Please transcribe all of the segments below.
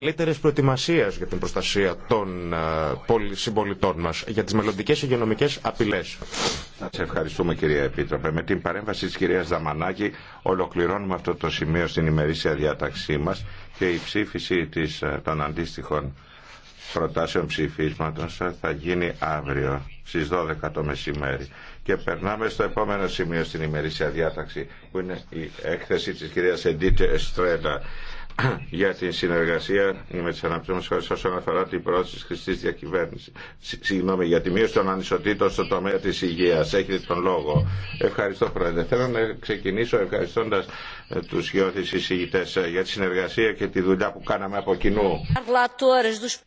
Καλύτερε προετοιμασία για την προστασία των ε, συμπολιτών μα για τι μελλοντικέ υγειονομικέ απειλέ. Σα ευχαριστούμε κυρία Επίτροπε. Με την παρέμβαση τη κυρία Δαμανάκη ολοκληρώνουμε αυτό το σημείο στην ημερήσια διάταξή μα και η ψήφιση της, ε, των αντίστοιχων προτάσεων ψηφίσματος ε, θα γίνει αύριο στις 12 το μεσημέρι. Και περνάμε στο επόμενο σημείο στην ημερήσια διάταξη που είναι η έκθεση της κυρίας Εντίτε Εστρέλα για την συνεργασία με τι αναπτύσσοντε χώρε όσον αφορά την πρόοδο τη χρηστή διακυβέρνηση. Συγγνώμη, για τη μείωση των ανισοτήτων στο τομέα τη υγεία. Έχετε τον λόγο. Ευχαριστώ, Πρόεδρε. Θέλω να ξεκινήσω ευχαριστώντα ε, του γιώθει εισηγητέ ε, για τη συνεργασία και τη δουλειά που κάναμε από κοινού.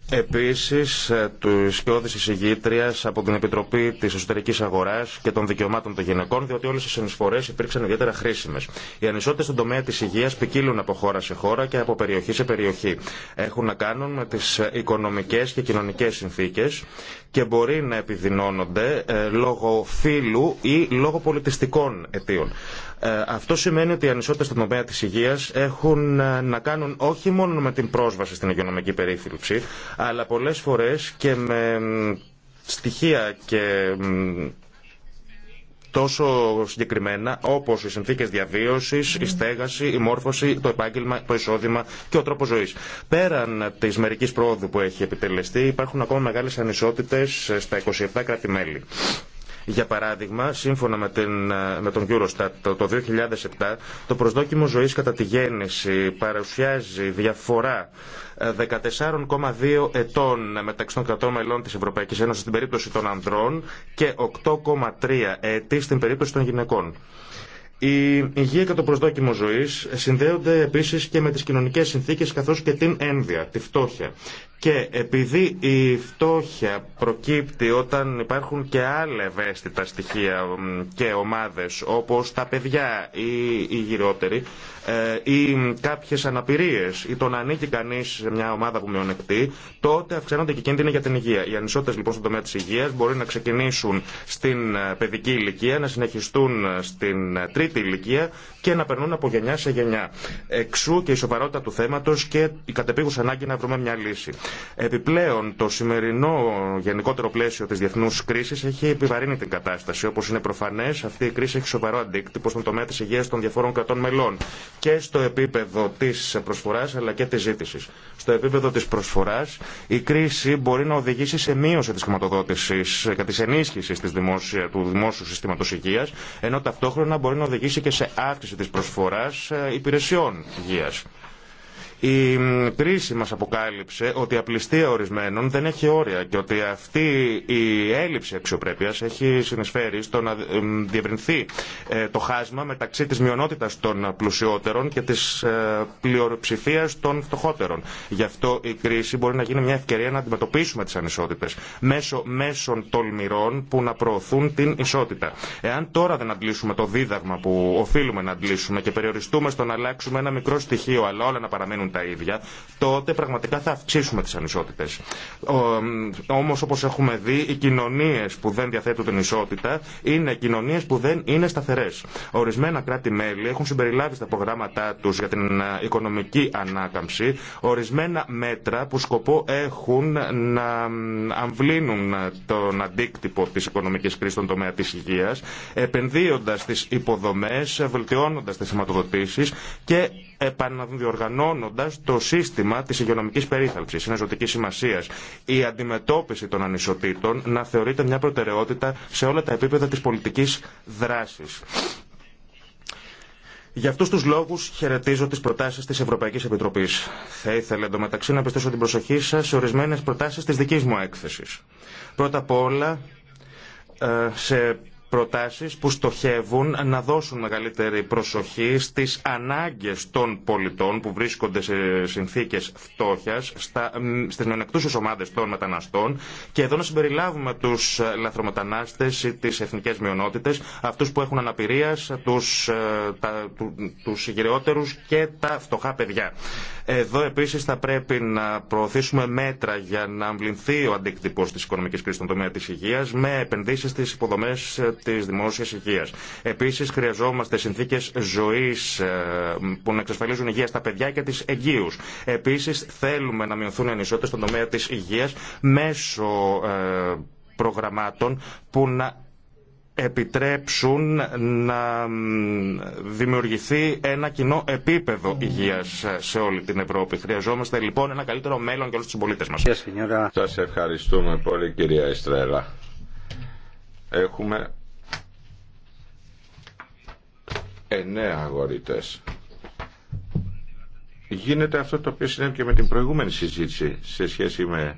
Επίση, ε, του γιώθει εισηγήτρια από την Επιτροπή τη Εσωτερική Αγορά και των Δικαιωμάτων των Γυναικών, διότι όλε οι συνεισφορέ υπήρξαν ιδιαίτερα χρήσιμε. Οι ανισότητε στον τομέα τη υγεία ποικίλουν από χώρα σε χώρα από περιοχή σε περιοχή. Έχουν να κάνουν με τις οικονομικές και κοινωνικές συνθήκες και μπορεί να επιδεινώνονται ε, λόγω φύλου ή λόγω πολιτιστικών αιτίων. Ε, αυτό σημαίνει ότι οι ανισότητες στον τομέα της υγείας έχουν ε, να κάνουν όχι μόνο με την πρόσβαση στην υγειονομική περίθυλψη, αλλά πολλές φορές και με στοιχεία και τόσο συγκεκριμένα όπω οι συνθήκε διαβίωση, η στέγαση, η μόρφωση, το επάγγελμα, το εισόδημα και ο τρόπο ζωή. Πέραν τη μερική πρόοδου που έχει επιτελεστεί υπάρχουν ακόμα μεγάλε ανισότητε στα 27 κράτη-μέλη. Για παράδειγμα, σύμφωνα με, την, με τον Eurostat το 2007, το προσδόκιμο ζωής κατά τη γέννηση παρουσιάζει διαφορά 14,2 ε, ετών μεταξύ των κρατών μελών της Ευρωπαϊκής Ένωσης στην περίπτωση των ανδρών και 8,3 έτη στην περίπτωση των γυναικών. Η υγεία και το προσδόκιμο ζωής συνδέονται επίσης και με τις κοινωνικές συνθήκες καθώς και την ένδυα, τη φτώχεια. Και επειδή η φτώχεια προκύπτει όταν υπάρχουν και άλλα ευαίσθητα στοιχεία και ομάδες όπως τα παιδιά ή οι γυρότεροι ε, ή κάποιες αναπηρίες ή το να ανήκει κανείς σε μια ομάδα που μειονεκτεί, τότε αυξάνονται και κίνδυνοι για την υγεία. Οι ανισότητες λοιπόν στον τομέα της υγείας μπορεί να ξεκινήσουν στην ε, παιδική ηλικία, να συνεχιστούν ε, στην τρίτη ηλικία και να περνούν από γενιά σε γενιά. Εξού και η σοβαρότητα του θέματος και η κατεπίγουσα ανάγκη να βρούμε μια λύση. Επιπλέον, το σημερινό γενικότερο πλαίσιο τη διεθνού κρίση έχει επιβαρύνει την κατάσταση. Όπω είναι προφανέ, αυτή η κρίση έχει σοβαρό αντίκτυπο στον τομέα τη υγεία των διαφόρων κρατών μελών και στο επίπεδο τη προσφορά αλλά και τη ζήτηση. Στο επίπεδο τη προσφορά, η κρίση μπορεί να οδηγήσει σε μείωση τη χρηματοδότηση και τη ενίσχυση του δημόσιου συστήματο υγεία, ενώ ταυτόχρονα μπορεί να οδηγήσει και σε αύξηση τη προσφορά ε, υπηρεσιών υγεία. Η κρίση μας αποκάλυψε ότι η απληστία ορισμένων δεν έχει όρια και ότι αυτή η έλλειψη αξιοπρέπειας έχει συνεισφέρει στο να ε, διευρυνθεί ε, το χάσμα μεταξύ της μειονότητας των πλουσιότερων και της ε, πλειοψηφίας των φτωχότερων. Γι' αυτό η κρίση μπορεί να γίνει μια ευκαιρία να αντιμετωπίσουμε τις ανισότητες μέσω μέσων τολμηρών που να προωθούν την ισότητα. Εάν τώρα δεν αντλήσουμε το δίδαγμα που οφείλουμε να αντλήσουμε και περιοριστούμε στο να αλλάξουμε ένα μικρό στοιχείο αλλά όλα να παραμένουν τα ίδια, τότε πραγματικά θα αυξήσουμε τι ανισότητε. Όμω, όπω έχουμε δει, οι κοινωνίε που δεν διαθέτουν την ισότητα είναι κοινωνίε που δεν είναι σταθερέ. Ορισμένα κράτη-μέλη έχουν συμπεριλάβει στα προγράμματά του για την ε, οικονομική ανάκαμψη ορισμένα μέτρα που σκοπό έχουν να αμβλύνουν τον αντίκτυπο τη οικονομική κρίση στον τομέα τη υγεία, επενδύοντα τι υποδομέ, βελτιώνοντα τι σηματοδοτήσει. και επαναδιοργανώνοντα το σύστημα τη υγειονομική περίθαλψη. Είναι ζωτική σημασία η αντιμετώπιση των ανισοτήτων να θεωρείται μια προτεραιότητα σε όλα τα επίπεδα τη πολιτική δράση. Για αυτού του λόγου χαιρετίζω τι προτάσει τη Ευρωπαϊκή Επιτροπή. Θα ήθελα εντωμεταξύ να πιστέψω την προσοχή σα σε ορισμένε προτάσει τη δική μου έκθεση. Πρώτα απ' όλα, ε, σε προτάσεις που στοχεύουν να δώσουν μεγαλύτερη προσοχή στις ανάγκες των πολιτών που βρίσκονται σε συνθήκες φτώχειας, στα, στις μειονεκτούσες ομάδες των μεταναστών και εδώ να συμπεριλάβουμε τους λαθρομετανάστες ή τις εθνικές μειονότητες, αυτούς που έχουν αναπηρίας, τους, ε, τα, τους και τα φτωχά παιδιά. Εδώ επίσης θα πρέπει να προωθήσουμε μέτρα για να αμβλυνθεί ο αντίκτυπος της οικονομικής κρίσης στον τομέα της υγείας με επενδύσεις στις υποδομές τη δημόσια υγεία. Επίση, χρειαζόμαστε συνθήκε ζωή ε, που να εξασφαλίζουν υγεία στα παιδιά και τι εγγύου. Επίση, θέλουμε να μειωθούν οι ανισότητε στον τομέα τη υγεία μέσω ε, προγραμμάτων που να επιτρέψουν να δημιουργηθεί ένα κοινό επίπεδο υγείας σε όλη την Ευρώπη. Χρειαζόμαστε λοιπόν ένα καλύτερο μέλλον για όλους τους συμπολίτες μας. Σας ευχαριστούμε πολύ κυρία Ιστρέλα εννέα αγορητές. Γίνεται αυτό το οποίο συνέβη και με την προηγούμενη συζήτηση σε σχέση με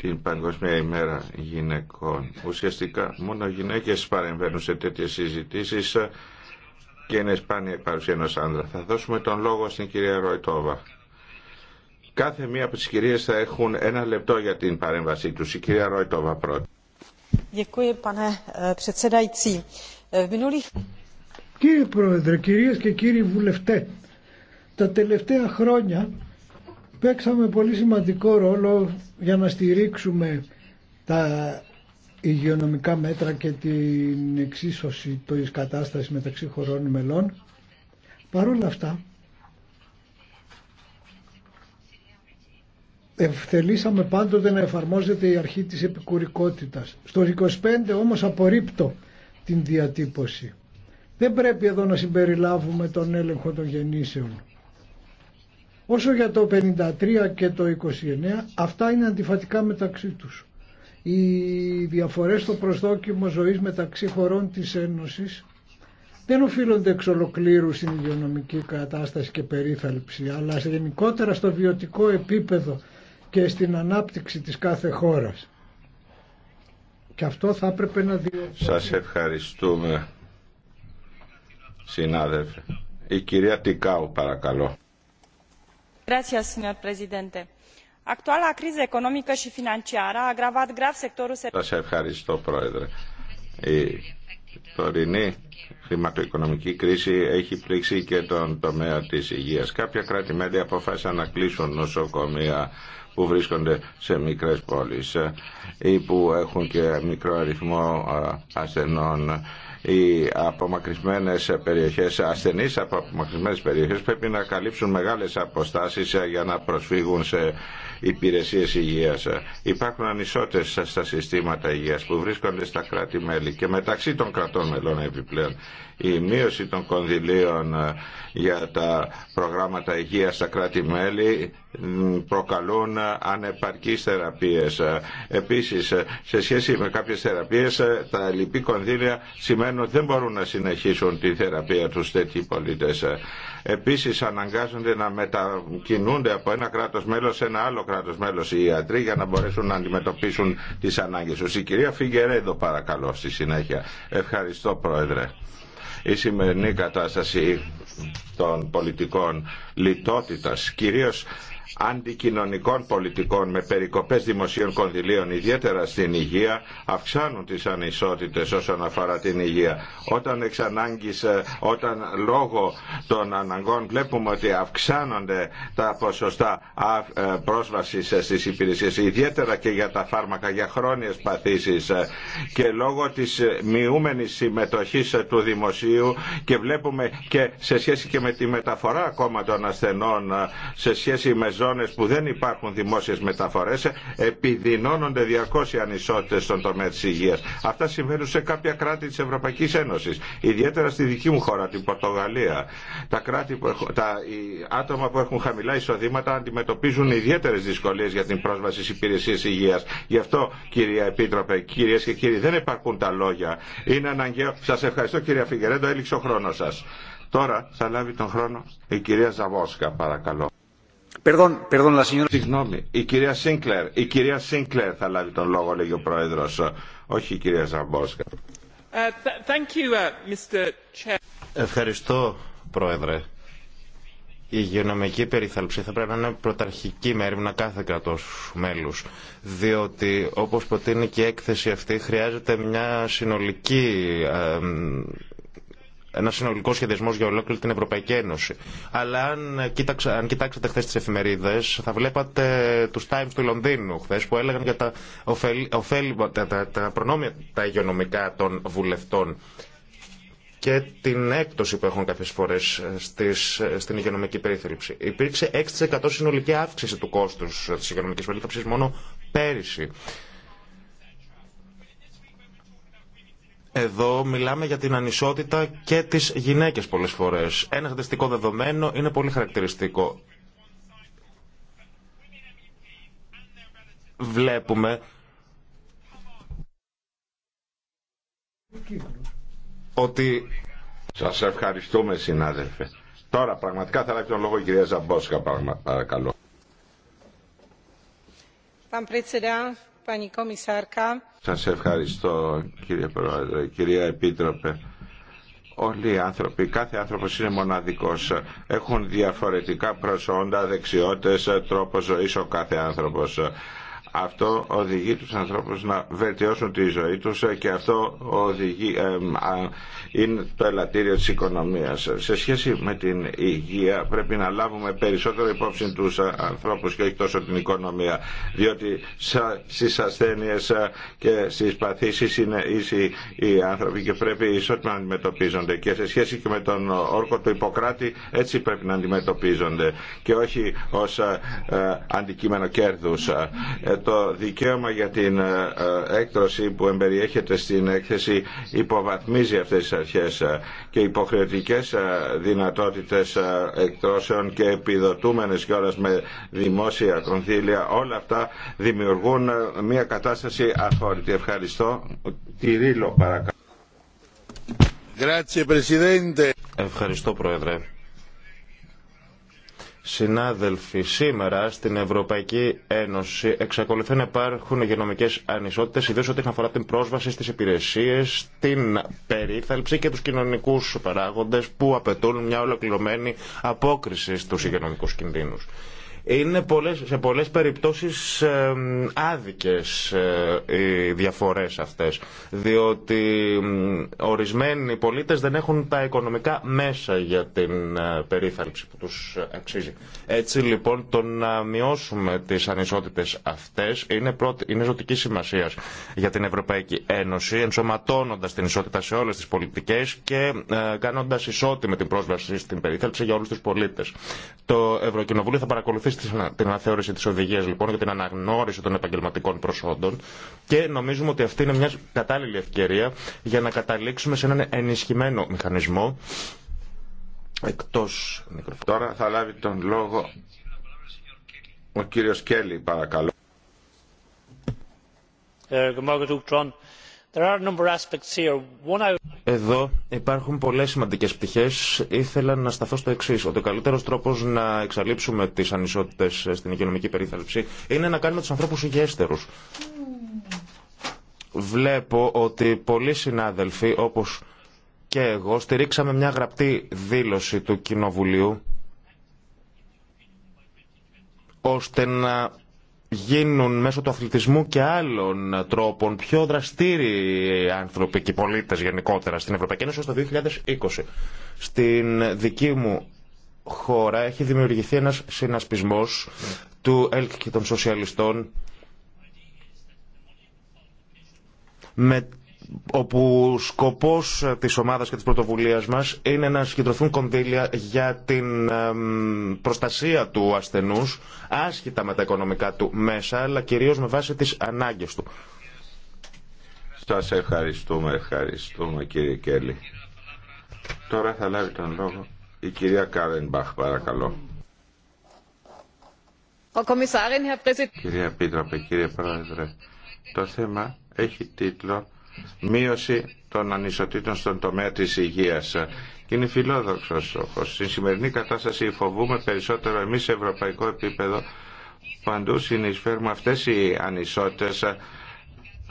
την Παγκόσμια ημέρα γυναικών. Ουσιαστικά μόνο γυναίκες παρεμβαίνουν σε τέτοιες συζητήσεις και είναι σπάνια η παρουσία ενός άνδρα. Θα δώσουμε τον λόγο στην κυρία Ροϊτόβα. Κάθε μία από τις κυρίες θα έχουν ένα λεπτό για την παρέμβασή τους. Η κυρία Ροϊτόβα πρώτη. Eh, ε, Κύριε Πρόεδρε, κυρίες και κύριοι βουλευτέ, τα τελευταία χρόνια παίξαμε πολύ σημαντικό ρόλο για να στηρίξουμε τα υγειονομικά μέτρα και την εξίσωση της κατάστασης μεταξύ χωρών μελών. Παρ' όλα αυτά, ευθελήσαμε πάντοτε να εφαρμόζεται η αρχή της επικουρικότητας. Στο 25 όμως απορρίπτω την διατύπωση. Δεν πρέπει εδώ να συμπεριλάβουμε τον έλεγχο των γεννήσεων. Όσο για το 53 και το 29, αυτά είναι αντιφατικά μεταξύ τους. Οι διαφορές στο προσδόκιμο ζωής μεταξύ χωρών της Ένωσης δεν οφείλονται εξ ολοκλήρου στην υγειονομική κατάσταση και περίθαλψη, αλλά γενικότερα στο βιωτικό επίπεδο και στην ανάπτυξη της κάθε χώρας. Και αυτό θα έπρεπε να Σας ευχαριστούμε, συνάδελφε. Η κυρία Τικάου, παρακαλώ. Σας ευχαριστώ, Πρόεδρε. Η τωρινή χρηματοοικονομική κρίση έχει πλήξει και τον τομέα της υγείας. Κάποια κράτη-μέλη αποφάσισαν να κλείσουν νοσοκομεία που βρίσκονται σε μικρές πόλεις ε, ή που έχουν και μικρό αριθμό ε, ασθενών ή απομακρυσμένες περιοχές, ασθενείς από απομακρυσμένες περιοχές πρέπει να καλύψουν μεγάλες αποστάσεις ε, για να προσφύγουν σε υπηρεσίες υγείας. Υπάρχουν ανισότητες στα συστήματα υγείας που βρίσκονται στα κράτη-μέλη και μεταξύ των κρατών μελών επιπλέον η μείωση των κονδυλίων ε, για τα προγράμματα υγείας στα κράτη-μέλη προκαλούν ε, ανεπαρκείς θεραπείες. Ε, επίσης, σε σχέση με κάποιες θεραπείες, τα λυπή κονδύλια σημαίνουν ότι δεν μπορούν να συνεχίσουν τη θεραπεία τους τέτοιοι πολίτες. Επίσης, αναγκάζονται να μετακινούνται από ένα κράτος μέλος σε ένα άλλο κράτος μέλος οι ιατροί για να μπορέσουν να αντιμετωπίσουν τις ανάγκες τους. Η κυρία Φιγκερέδο, παρακαλώ στη συνέχεια. Ευχαριστώ Πρόεδρε η σημερινή κατάσταση των πολιτικών λιτότητας, κυρίως αντικοινωνικών πολιτικών με περικοπές δημοσίων κονδυλίων ιδιαίτερα στην υγεία αυξάνουν τις ανισότητες όσον αφορά την υγεία. Όταν εξ ε, όταν λόγω των αναγκών βλέπουμε ότι αυξάνονται τα ποσοστά ε, πρόσβασης ε, στις υπηρεσίες ιδιαίτερα και για τα φάρμακα για χρόνιες παθήσεις και λόγω της μειούμενη συμμετοχή του δημοσίου και βλέπουμε και σε σχέση και με τη μεταφορά ακόμα των ασθενών σε σχέση με ζώνε που δεν υπάρχουν δημόσιε μεταφορέ, επιδεινώνονται 200 ανισότητε ανισότητες στον τομέα τη υγεία. Αυτά συμβαίνουν σε κάποια κράτη τη Ευρωπαϊκή Ένωση. ιδιαίτερα στη δική μου χώρα, την Πορτογαλία. Τα, κράτη που τα άτομα που έχουν χαμηλά εισοδήματα αντιμετωπίζουν ιδιαίτερε δυσκολίε για την πρόσβαση στι υπηρεσίε Υγεία. Γι' αυτό, κυρία Επίτροπε, κύριε και κύριοι, δεν υπάρχουν τα λόγια. Είναι αναγκαίο. Σα ευχαριστώ κυρία Φιγκερέντο, έληξε ο χρόνο σα. Τώρα θα λάβει τον χρόνο η κυρία Ζαβόσκα, παρακαλώ. Συγγνώμη, η κυρία Σίνκλερ, η κυρία Σίνκλερ θα λάβει τον λόγο, λέγει ο πρόεδρος, όχι η κυρία Ζαμπόσκα. Ε, ε, Ευχαριστώ, πρόεδρε. Η υγειονομική περίθαλψη θα πρέπει να είναι πρωταρχική με έρευνα κάθε κρατό μέλου. Διότι, όπω προτείνει και η έκθεση αυτή, χρειάζεται μια συνολική ε, ένα συνολικό σχεδιασμό για ολόκληρη την Ευρωπαϊκή Ένωση. Αλλά αν, κοίταξα, αν κοιτάξετε χθε τι εφημερίδε, θα βλέπατε του Times του Λονδίνου χθε που έλεγαν για τα, τα, τα, προνόμια τα υγειονομικά των βουλευτών και την έκπτωση που έχουν κάποιε φορέ στην υγειονομική περίθαλψη. Υπήρξε 6% συνολική αύξηση του κόστου τη υγειονομική περίθαλψη μόνο πέρυσι. Εδώ μιλάμε για την ανισότητα και τις γυναίκες πολλές φορές. Ένα χαρακτηριστικό δεδομένο είναι πολύ χαρακτηριστικό. Βλέπουμε ότι... Σας ευχαριστούμε συνάδελφε. Τώρα πραγματικά θα λάβει τον λόγο η κυρία Ζαμπόσκα παρακαλώ. Σας ευχαριστώ κύριε Πρόεδρε, κυρία Επίτροπε. Όλοι οι άνθρωποι, κάθε άνθρωπος είναι μοναδικός. Έχουν διαφορετικά προσόντα, δεξιότητες, τρόπο ζωής ο κάθε άνθρωπος αυτό οδηγεί τους ανθρώπους να βελτιώσουν τη ζωή τους και αυτό οδηγεί, είναι το ελαττήριο της οικονομίας. Σε σχέση με την υγεία πρέπει να λάβουμε περισσότερο υπόψη τους ανθρώπους και όχι τόσο την οικονομία διότι στις ασθένειες και στις παθήσεις είναι ίσοι οι άνθρωποι και πρέπει ισότιμα να αντιμετωπίζονται και σε σχέση και με τον όρκο του Ιπποκράτη έτσι πρέπει να αντιμετωπίζονται και όχι ως αντικείμενο κέρδους ε, το δικαίωμα για την ε, ε, έκτρωση που εμπεριέχεται στην έκθεση υποβαθμίζει αυτές τις αρχές ε, και υποχρεωτικές δυνατότητες εκτρώσεων και επιδοτούμενες κιόλας με δημόσια κονθήλια όλα αυτά δημιουργούν μια κατάσταση αφόρητη. Ευχαριστώ. Τυρίλο παρακαλώ. Ευχαριστώ Πρόεδρε. Συνάδελφοι, σήμερα στην Ευρωπαϊκή Ένωση εξακολουθούν να υπάρχουν υγειονομικέ ανισότητε, ιδίω ό,τι αφορά την πρόσβαση στι υπηρεσίε, την περίθαλψη και του κοινωνικού παράγοντε που απαιτούν μια ολοκληρωμένη απόκριση στου υγειονομικού κινδύνου. Είναι σε πολλές περιπτώσεις ε, άδικες οι διαφορές αυτές, διότι ορισμένοι πολίτες δεν έχουν τα οικονομικά μέσα για την ε, περίθαλψη που τους αξίζει. Έτσι λοιπόν το να μειώσουμε τις ανισότητες αυτές είναι, πρώτη, είναι ζωτική σημασία για την Ευρωπαϊκή Ένωση, ενσωματώνοντας την ισότητα σε όλες τις πολιτικές και ε, κάνοντας ισότιμη την πρόσβαση στην περίθαλψη για όλους τους πολίτες. Το Ευρωκοινοβούλιο θα παρακολουθήσει την αναθεώρηση τη οδηγία λοιπόν για την αναγνώριση των επαγγελματικών προσόντων και νομίζουμε ότι αυτή είναι μια κατάλληλη ευκαιρία για να καταλήξουμε σε έναν ενισχυμένο μηχανισμό. Εκτός Τώρα θα λάβει τον λόγο ο κύριος Κέλλη, παρακαλώ. Ε, There are a number of aspects here. One... Εδώ υπάρχουν πολλές σημαντικές πτυχές. Ήθελα να σταθώ στο εξή. Ότι ο καλύτερος τρόπος να εξαλείψουμε τις ανισότητες στην οικονομική περίθαλψη είναι να κάνουμε τους ανθρώπους υγιέστερους. Βλέπω ότι πολλοί συνάδελφοι, όπως και εγώ, στηρίξαμε μια γραπτή δήλωση του Κοινοβουλίου ώστε να γίνουν μέσω του αθλητισμού και άλλων τρόπων πιο δραστήριοι άνθρωποι και πολίτες γενικότερα στην Ευρωπαϊκή Ένωση το 2020. Στην δική μου χώρα έχει δημιουργηθεί ένας συνασπισμός του ΕΛΚ και των σοσιαλιστών με όπου σκοπός της ομάδας και της πρωτοβουλίας μας είναι να συγκεντρωθούν κονδύλια για την προστασία του ασθενούς, άσχετα με τα οικονομικά του μέσα, αλλά κυρίως με βάση τις ανάγκες του. Σας ευχαριστούμε, ευχαριστούμε κύριε Κέλλη. Τώρα θα λάβει τον λόγο η κυρία Κάρενμπαχ, παρακαλώ. Κυρία Πίτροπε, κύριε Πρόεδρε, το θέμα έχει τίτλο μείωση των ανισοτήτων στον τομέα της υγείας. Και είναι φιλόδοξος στόχος. Στην σημερινή κατάσταση φοβούμε περισσότερο εμείς σε ευρωπαϊκό επίπεδο παντού συνεισφέρουμε αυτές οι ανισότητες,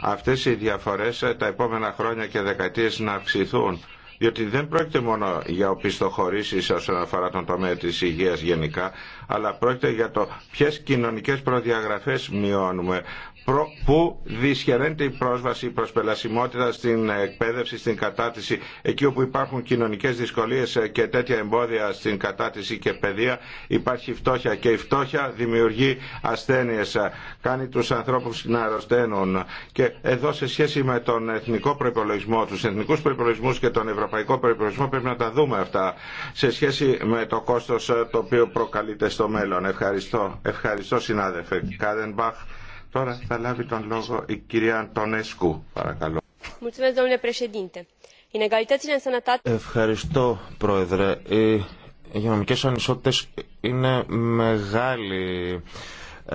αυτές οι διαφορές τα επόμενα χρόνια και δεκαετίες να αυξηθούν. Διότι δεν πρόκειται μόνο για οπισθοχωρήσεις όσον αφορά τον τομέα της υγείας γενικά, αλλά πρόκειται για το ποιες κοινωνικές προδιαγραφές μειώνουμε που δυσχεραίνεται η πρόσβαση, η προσπελασιμότητα στην εκπαίδευση, στην κατάτηση, εκεί όπου υπάρχουν κοινωνικές δυσκολίες ε, και τέτοια εμπόδια στην κατάτηση και παιδεία, υπάρχει φτώχεια και η φτώχεια δημιουργεί ασθένειες, ε, κάνει τους ανθρώπους να αρρωσταίνουν. Και εδώ σε σχέση με τον εθνικό προπολογισμό, τους εθνικούς προπολογισμού και τον ευρωπαϊκό προπολογισμό πρέπει να τα δούμε αυτά σε σχέση με το κόστος ε, το οποίο προκαλείται στο μέλλον. Ευχαριστώ, Ευχαριστώ συνάδελφε Κάδενμπαχ. Τώρα θα λάβει τον λόγο η κυρία Αντωνέσκου, παρακαλώ. Ευχαριστώ, Πρόεδρε. Οι υγειονομικές ανισότητες είναι μεγάλη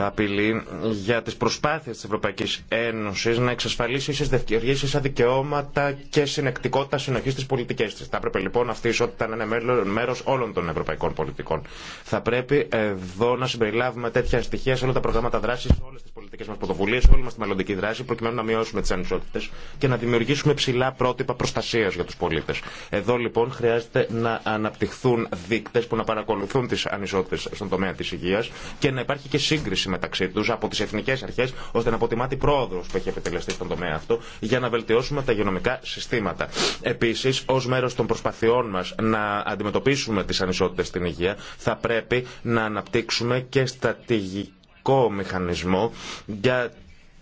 απειλή για τις προσπάθειες της Ευρωπαϊκής Ένωσης να εξασφαλίσει ίσες δευκαιρίες, ίσα δικαιώματα και συνεκτικότητα συνοχής στις πολιτικές της. Θα έπρεπε λοιπόν αυτή η ισότητα να είναι μέρος όλων των ευρωπαϊκών πολιτικών. Θα πρέπει εδώ να συμπεριλάβουμε τέτοια στοιχεία σε όλα τα προγράμματα δράσης, σε όλες τις πολιτικές μας πρωτοβουλίες, σε όλη μας τη μελλοντική δράση, προκειμένου να μειώσουμε τις ανισότητες και να δημιουργήσουμε ψηλά πρότυπα προστασίας για τους πολίτες. Εδώ λοιπόν χρειάζεται να αναπτυχθούν δείκτες που να παρακολουθούν τις ανισότητες στον τομέα της υγείας και να υπάρχει και σύγκριση μεταξύ του από τι εθνικέ αρχέ, ώστε να αποτιμά την πρόοδο που έχει επιτελεστεί στον τομέα αυτό για να βελτιώσουμε τα υγειονομικά συστήματα. Επίση, ω μέρο των προσπαθειών μα να αντιμετωπίσουμε τι ανισότητε στην υγεία, θα πρέπει να αναπτύξουμε και στατηγικό μηχανισμό για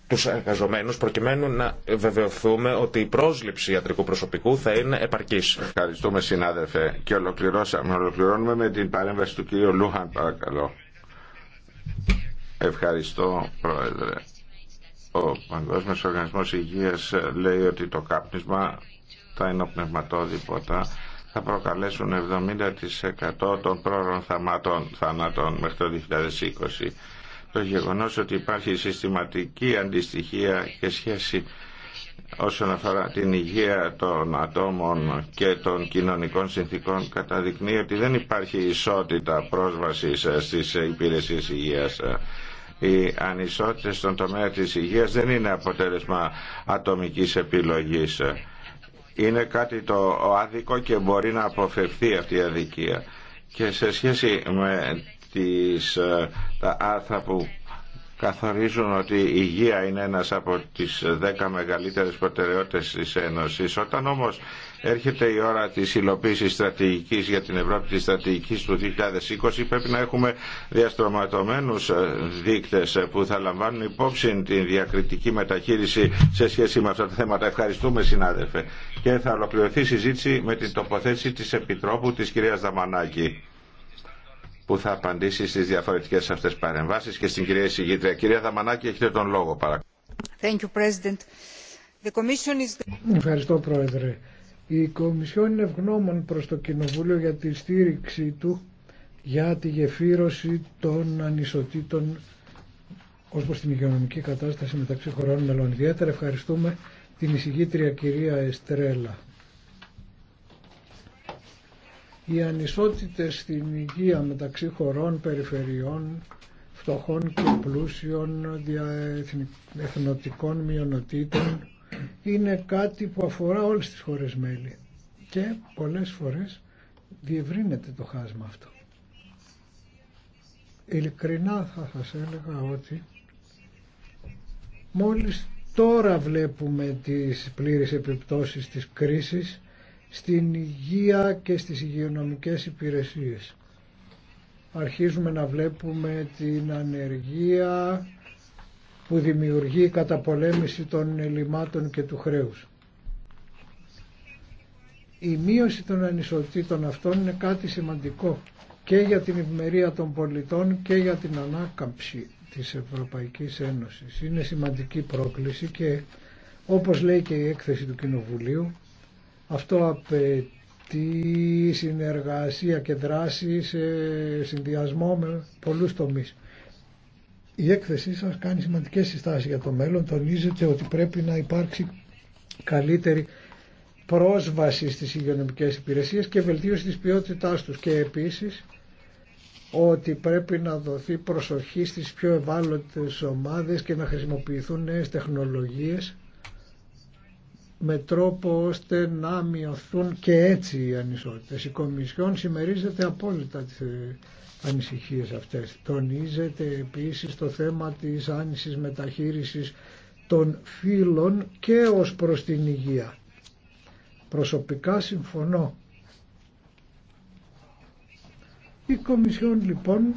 τους εργαζομένους προκειμένου να βεβαιωθούμε ότι η πρόσληψη ιατρικού προσωπικού θα είναι επαρκής. Ευχαριστούμε συνάδελφε και ολοκληρώσαμε. Ολοκληρώνουμε με την παρέμβαση του κύριου Λούχαν παρακαλώ. Ευχαριστώ, Πρόεδρε. Ο Παγκόσμιος Οργανισμός Υγείας λέει ότι το κάπνισμα, τα ενοπνευματόδηποτα, θα προκαλέσουν 70% των πρόωρων θανάτων, θανάτων μέχρι το 2020. Το γεγονός ότι υπάρχει συστηματική αντιστοιχία και σχέση όσον αφορά την υγεία των ατόμων και των κοινωνικών συνθήκων καταδεικνύει ότι δεν υπάρχει ισότητα πρόσβασης στις υπηρεσίες υγείας οι ανισότητε στον τομέα της υγείας δεν είναι αποτέλεσμα ατομικής επιλογής. Είναι κάτι το άδικο και μπορεί να αποφευθεί αυτή η αδικία. Και σε σχέση με τις, ε, τα άρθρα που καθορίζουν ότι η υγεία είναι ένας από τις δέκα μεγαλύτερες προτεραιότητες της Ένωσης. Όταν όμως έρχεται η ώρα της υλοποίησης στρατηγικής για την Ευρώπη, της στρατηγικής του 2020, πρέπει να έχουμε διαστρωματωμένους δείκτες που θα λαμβάνουν υπόψη την διακριτική μεταχείριση σε σχέση με αυτά τα θέματα. Ευχαριστούμε συνάδελφε. Και θα ολοκληρωθεί η συζήτηση με την τοποθέτηση της Επιτρόπου της κυρίας Δαμανάκη που θα απαντήσει στις διαφορετικές αυτές παρεμβάσεις και στην κυρία εισηγήτρια. Κυρία Δαμανάκη, έχετε τον λόγο παρακαλώ. President. Ευχαριστώ Πρόεδρε. Η Κομισιόν είναι ευγνώμων προς το Κοινοβούλιο για τη στήριξη του για τη γεφύρωση των ανισοτήτων ως προς την υγειονομική κατάσταση μεταξύ χωρών μελών. Ιδιαίτερα ευχαριστούμε την εισηγήτρια κυρία Εστρέλα. Οι ανισότητες στην υγεία μεταξύ χωρών, περιφερειών, φτωχών και πλούσιων, εθνοτικών μειονοτήτων είναι κάτι που αφορά όλες τις χώρες μέλη και πολλές φορές διευρύνεται το χάσμα αυτό. Ειλικρινά θα σας έλεγα ότι μόλις τώρα βλέπουμε τις πλήρες επιπτώσεις της κρίσης στην υγεία και στις υγειονομικές υπηρεσίες. Αρχίζουμε να βλέπουμε την ανεργία που δημιουργεί η καταπολέμηση των ελλημάτων και του χρέους. Η μείωση των ανισοτήτων αυτών είναι κάτι σημαντικό και για την ευημερία των πολιτών και για την ανάκαμψη της Ευρωπαϊκής Ένωσης. Είναι σημαντική πρόκληση και όπως λέει και η έκθεση του Κοινοβουλίου αυτό απαιτεί συνεργασία και δράση σε συνδυασμό με πολλούς τομείς. Η έκθεσή σας κάνει σημαντικές συστάσεις για το μέλλον. Τονίζεται ότι πρέπει να υπάρξει καλύτερη πρόσβαση στις υγειονομικές υπηρεσίες και βελτίωση της ποιότητάς τους και επίσης ότι πρέπει να δοθεί προσοχή στις πιο ευάλωτες ομάδες και να χρησιμοποιηθούν νέες τεχνολογίες με τρόπο ώστε να μειωθούν και έτσι οι ανισότητες. Η Κομισιόν συμμερίζεται απόλυτα τις ε, ανησυχίες αυτές. Τονίζεται επίσης το θέμα της άνησης μεταχείρισης των φύλων και ως προς την υγεία. Προσωπικά συμφωνώ. Η Κομισιόν λοιπόν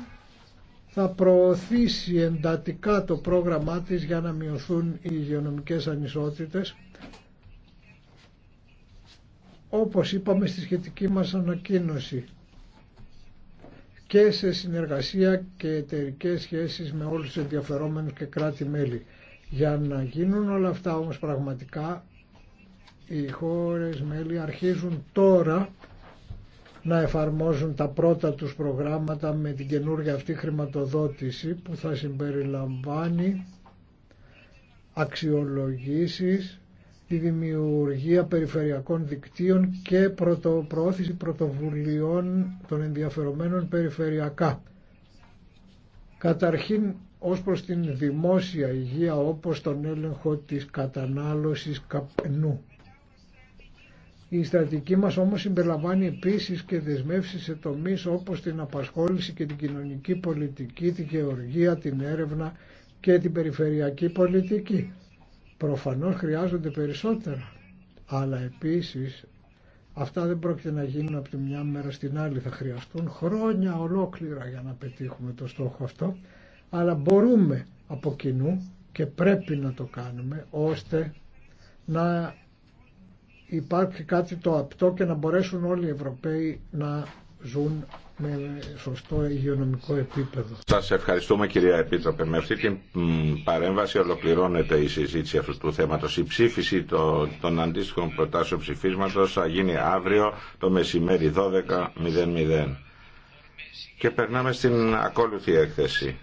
θα προωθήσει εντατικά το πρόγραμμά της για να μειωθούν οι υγειονομικές ανισότητες όπως είπαμε στη σχετική μας ανακοίνωση και σε συνεργασία και εταιρικέ σχέσεις με όλους τους ενδιαφερόμενους και κράτη-μέλη. Για να γίνουν όλα αυτά όμως πραγματικά οι χώρες μέλη αρχίζουν τώρα να εφαρμόζουν τα πρώτα τους προγράμματα με την καινούργια αυτή χρηματοδότηση που θα συμπεριλαμβάνει αξιολογήσεις τη δημιουργία περιφερειακών δικτύων και πρωτο, προώθηση πρωτοβουλειών των ενδιαφερομένων περιφερειακά. Καταρχήν ως προς την δημόσια υγεία όπως τον έλεγχο της κατανάλωσης καπνού. Η στρατική μας όμως συμπεριλαμβάνει επίσης και δεσμεύσεις σε τομείς όπως την απασχόληση και την κοινωνική πολιτική, τη γεωργία, την έρευνα και την περιφερειακή πολιτική. Προφανώς χρειάζονται περισσότερα, αλλά επίσης αυτά δεν πρόκειται να γίνουν από τη μια μέρα στην άλλη. Θα χρειαστούν χρόνια ολόκληρα για να πετύχουμε το στόχο αυτό, αλλά μπορούμε από κοινού και πρέπει να το κάνουμε ώστε να υπάρχει κάτι το απτό και να μπορέσουν όλοι οι Ευρωπαίοι να ζουν με σωστό υγειονομικό επίπεδο. Σα ευχαριστούμε κυρία Επίτροπε. Με αυτή την παρέμβαση ολοκληρώνεται η συζήτηση αυτού του θέματο. Η ψήφιση των αντίστοιχων προτάσεων ψηφίσματο θα γίνει αύριο το μεσημέρι 12.00. Και περνάμε στην ακόλουθη έκθεση.